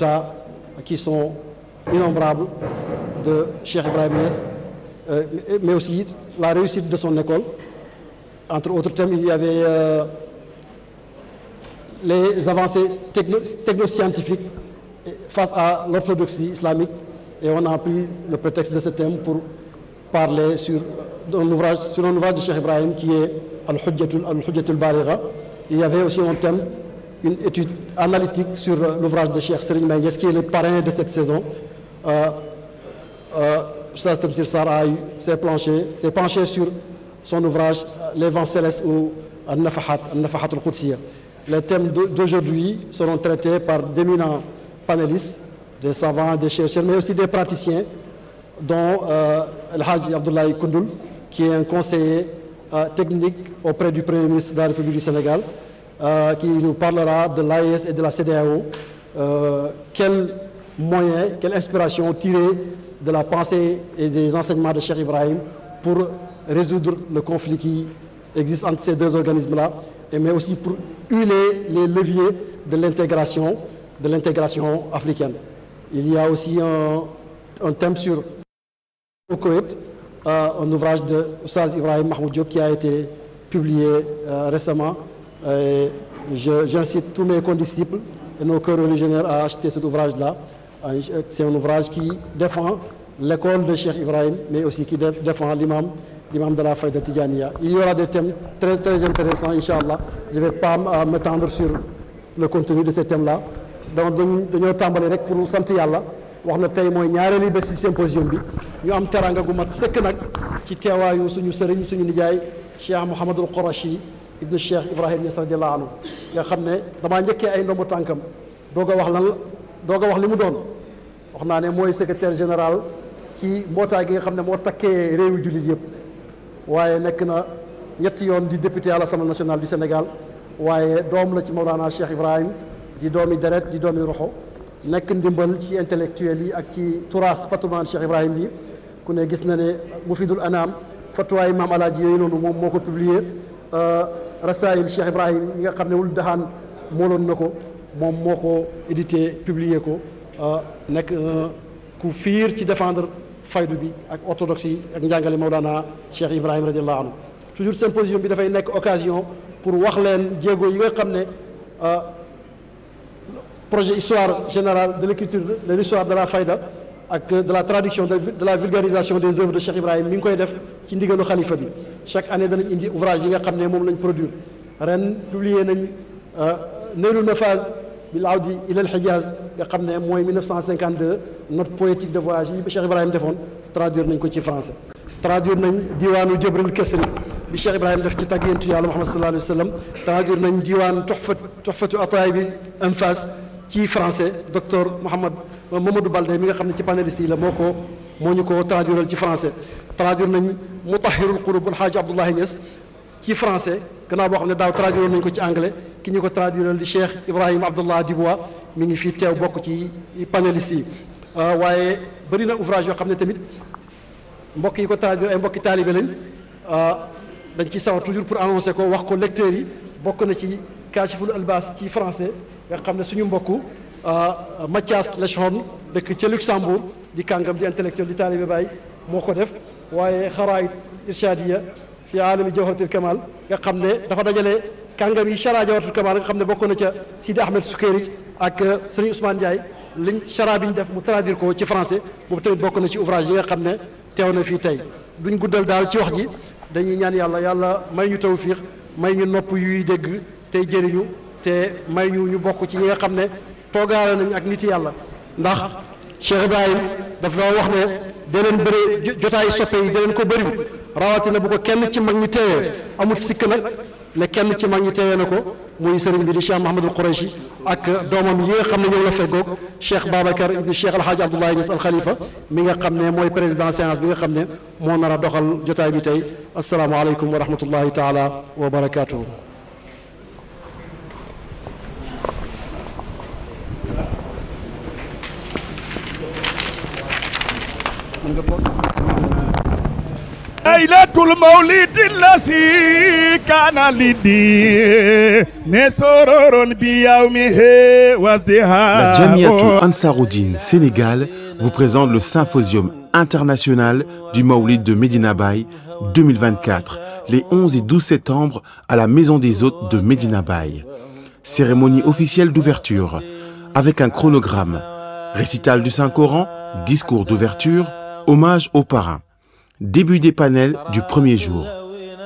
résultats qui innombrables de Cheikh Ibrahim Niass, euh, mais aussi la réussite de son école. Entre autres thèmes, il y avait euh, les avancées techno technoscientifiques face à l'orthodoxie islamique et on a pris le prétexte de ce thème pour parler sur un ouvrage, de Cheikh Ibrahim qui est Al-Hujjatul Al Baligha. Il une étude analytique sur euh, l'ouvrage de Cheikh Serigne Mbaye Niass qui est le parrain de cette saison euh, euh, Oustaz Tamsir Sarr s'est penché s'est penché sur son ouvrage Les vents célestes ou An-Nafahat al-Qudsiya les thèmes d'aujourd'hui seront traités par d'éminents panélistes des savants des chercheurs mais aussi des praticiens dont euh, El Hadji Abdoulaye Koundoul qui est un conseiller technique auprès du Premier ministre de la République du Sénégal euh, qui nous parlera de l'AES et de la CDAO. Euh, quels moyens, quelle inspiration tirer de la pensée et des enseignements de Cheikh Ibrahim pour résoudre le conflit qui existe entre ces deux organismes-là, mais aussi pour huiler les leviers de l'intégration, de l'intégration africaine. Il y a aussi un, un thème sur au Koweït, euh, un ouvrage de Oustaz Ibrahim Mahmoud Diop qui a été publié euh, récemment Euh, j'incite tous mes condisciples et nos chœurs religionnaires à acheter cet ouvrage-là. Euh, c'est un ouvrage qui défend l'école de Cheikh Ibrahim, mais aussi qui défend l'imam, l'imam de la faille de Tidjania. Il y aura des thèmes très, très intéressants, Inch'Allah. Je ne vais pas m'étendre sur le contenu de ces thèmes-là. donc dañoo tàmbali rek pour sant yàlla wax na tey mooy ñaareelu bés ci symposium bi ñu am teranga gu mat sëkk nag ci teewaayu suñu sëriñ suñu nijaay Cheikh Mouhamadul Qorachi ibnu Cheikh Ibrahim Niass radiyallahu anhu nga xam ne damaa njëkkee ay ndombu tànkam doo ko wax lan la doog a wax li mu doon wax naa ne mooy secretaire général ci mbootaay gi nga xam ne moo takkee réewi jullit yëpp waaye nekk na ñetti yoon di député à l'Assemblée nationale du Sénégal waaye doom la ci Mawlana Cheikh Ibrahim di doomi deret di doomi roxo nekk ndimbal ci intellectuel yi ak ci turas patrimoine Cheikh Ibrahim bi ku ne gis na ne Mufidul Anam fatwaay maam alaaji yooyu noonu moom moo ko publier Euh, rasaayil Cheikh Ibrahim yi nga xam ne wul daxaan mooloon na ko moom moo ko édité publier ko euh, nekk ku fiir ci défendre faydu bi ak orthodoxie ak njàngale moo Mawlana Cheikh Ibrahim radiallahu anhu toujours symposium bi dafay nekk occasion pour wax leen jéego yi nga xam ne euh, projet histoire général de l'écriture de l'histoire de la fayda ak de la traduction de la vulgarisation des œuvres de Cheikh Ibrahim mi koy def ci ndigalu xalifa bi chaque année danañ indi ouvrage yi nga xam ne moom lañ produire ren publier nañ euh, Naylu Nafaz bil awdi ila al Hijaz nga xam ne mooy 1952 note poétique de voyage yi Cheikh Ibrahim defoon traduire nañ ko ci français. traduire nañ diwaanu Jabril Kasri bi Cheikh Ibrahim def ci tàggantu yàlla Muhammad sallallahu alayhi wa sallam traduire nañ diwaan Tuhfat Tuhfatu Ataa'ibi Anfas ci français docteur Mouhamed. Mamadou Balde mi nga xam ne ci panéliste yi la moo ko moo ñu ko traduiral ci français traduire nañ Mutahhirul Qulub El Hadj Abdoulaye Niass ci français gannaaw boo xam ne daaw traduire nañ ko ci anglais ki ñu ko traduiral di Cheikh Ibrahima Abdallah Dibois mu ngi fi teew bokk ci panéliste yi euh, waaye bëri na ouvrage yoo xam ne tamit mbokk yi ko traduire ay mbokki taalibe lañ euh, dañ ci sawar toujours pour annoncer ko wax ko lecteurs yi bokk na ci Kaashiful Albaas ci français xam ne suñu mbokk Euh, Mathias Lechon dëkk ca Luxembourg di kàngam di intellectuel di taalibe Baay moo ko def waaye xaraayit irshadiya fi aalami jawharatul kamal nga xam ne dafa dajale kàngam yi chara jawharatul kamal nga xam ne bokk na ca Sidi Ahmed Sukayrij ak euh, Sëriñ Ousmane Ndiaye liñ chara bi ñu def mu traduire ko ci français boobu tamit bokk na ci ouvrage yi nga xam ne teew na fii tey duñ guddal daal ci wax ji dañuy ñaan yàlla yàlla may ñu tawfiix may ñu nopp yuy dégg tey jëriñu te may ñu bokk ci ñi nga xam ne toogaale nañ ak nit yàlla ndax Cheikh Ibrahim dafa wax ne da leen bëri jotaay soppe yi da leen ko bëriw rawatina bu ko kenn ci mag ñi teewee amut sikk nag ne kenn ci mag ñi teewee na ko muy sëriñ bi di Cheikh Mahamadul Qurayshi ak doomam yi nga xam ne ñoom la feggoog Cheikh Babacar ibni Cheikh Alhaaji Abdoulaye Niass Alxalifa mi nga xam ne mooy président séance bi nga xam ne moo nar a doxal jotaay bi tey asalaamaaleykum wa rahmatullahi taala wa barakaatuhu ليلة المولد الذي La Jamiatou Ansaroudine Sénégal vous présente le symposium international du Maoulid de Medina Baye 2024 les 11 et 12 septembre à la Maison des Hôtes de Medina Cérémonie officielle d'ouverture avec un chronogramme, récital du Saint-Coran, discours d'ouverture Hommage aux parrains. Début des panels du premier jour.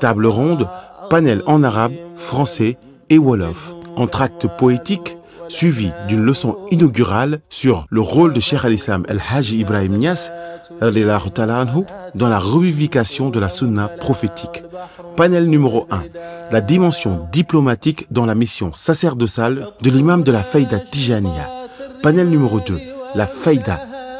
Table ronde, panel en arabe, français et wolof. Entracte poétique suivi d'une leçon inaugurale sur le rôle de Cheikh al-Islam El-Haji Ibrahim Nias dans la revivification de la sunna prophétique. Panel numéro 1. La dimension diplomatique dans la mission sacerdotale de l'imam de la Faïda Tijaniya. Panel numéro 2. La Faïda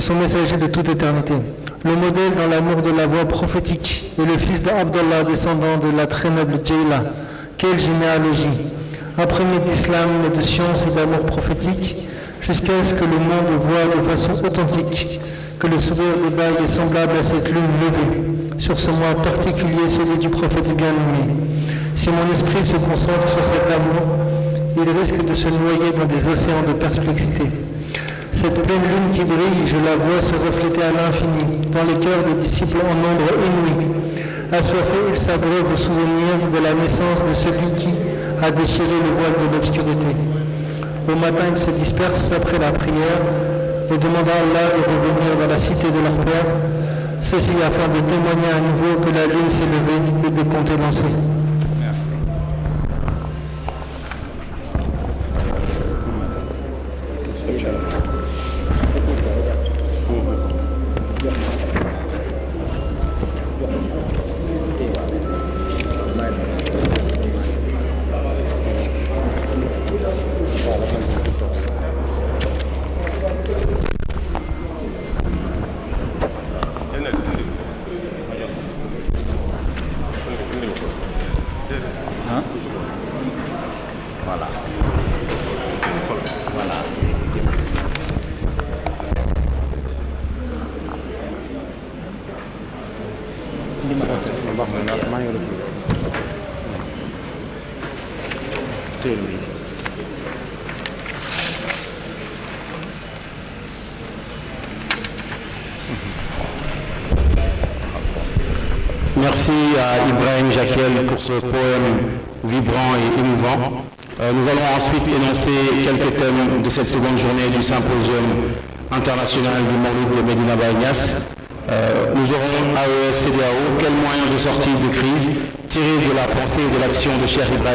et son messager de toute éternité. Le modèle dans l'amour de la voie prophétique est le fils d'Abdallah, descendant de la très noble Jayla. Quelle généalogie Imprégnée d'islam, de science et d'amour prophétique, jusqu'à ce que le monde voie de façon authentique que le sourire des bails est semblable à cette lune levée, sur ce mois particulier, celui du prophète bien-aimé. Si mon esprit se concentre sur cet amour, il risque de se noyer dans des océans de perplexité. Cette belle lune qui brille, je la vois se refléter à l'infini, dans les cœurs des disciples en nombre inouï. Assoiffés, ils s'abreuvent au souvenir de la naissance de celui qui a déchiré le voile de l'obscurité. Au matin, ils se dispersent après la prière et demandent Allah de revenir dans la cité de leur Père, ceci afin de témoigner à nouveau que la lune s'est et de compter ah voilà voilà li ma wax maa ngi Merci à Ibrahim Jaquel pour ce poème vibrant et émouvant. Euh, nous allons ensuite énoncer quelques thèmes de cette seconde journée du symposium international du Mauloud de Medina Baïnias. Euh, nous aurons AES-CDAO, quels moyens de sortie de crise tirés de la pensée de l'action de Cheikh